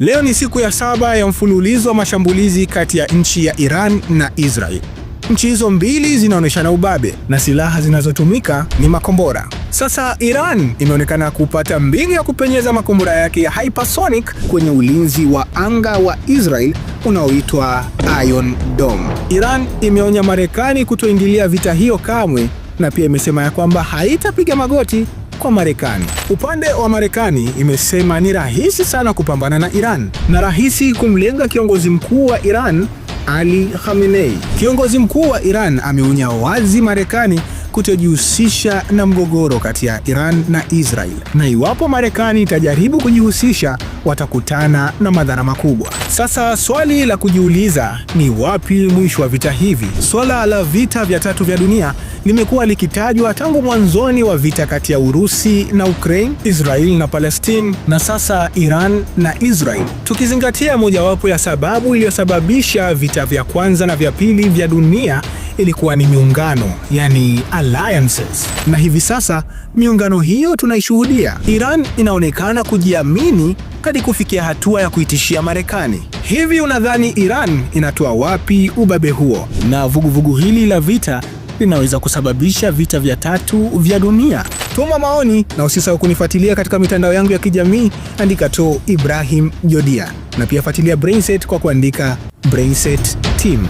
Leo ni siku ya saba ya mfululizo wa mashambulizi kati ya nchi ya Iran na Israel. Nchi hizo mbili zinaonyeshana ubabe na silaha zinazotumika ni makombora. Sasa Iran imeonekana kupata mbinu ya kupenyeza makombora yake ya hypersonic kwenye ulinzi wa anga wa Israel unaoitwa Iron Dome. Iran imeonya Marekani kutoingilia vita hiyo kamwe na pia imesema ya kwamba haitapiga magoti kwa Marekani. Upande wa Marekani imesema ni rahisi sana kupambana na Iran na rahisi kumlenga kiongozi mkuu wa Iran, Ali Khamenei. Kiongozi mkuu wa Iran ameonya wazi Marekani kutojihusisha na mgogoro kati ya Iran na Israel, na iwapo Marekani itajaribu kujihusisha, watakutana na madhara makubwa. Sasa swali la kujiuliza ni wapi mwisho wa vita hivi? Swala la vita vya tatu vya dunia limekuwa likitajwa tangu mwanzoni wa vita kati ya Urusi na Ukraine, Israel na Palestine, na sasa Iran na Israel. Tukizingatia mojawapo ya sababu iliyosababisha vita vya kwanza na vya pili vya dunia ilikuwa ni miungano, yani alliances, na hivi sasa miungano hiyo tunaishuhudia. Iran inaonekana kujiamini hadi kufikia hatua ya kuitishia Marekani. Hivi unadhani Iran inatoa wapi ubabe huo? Na vuguvugu vugu hili la vita linaweza kusababisha vita vya tatu vya dunia? Tuma maoni na usisahau kunifuatilia katika mitandao yangu ya kijamii, andika tu Ibrahim Jodia, na pia fuatilia Brainset kwa kuandika Brainset Team.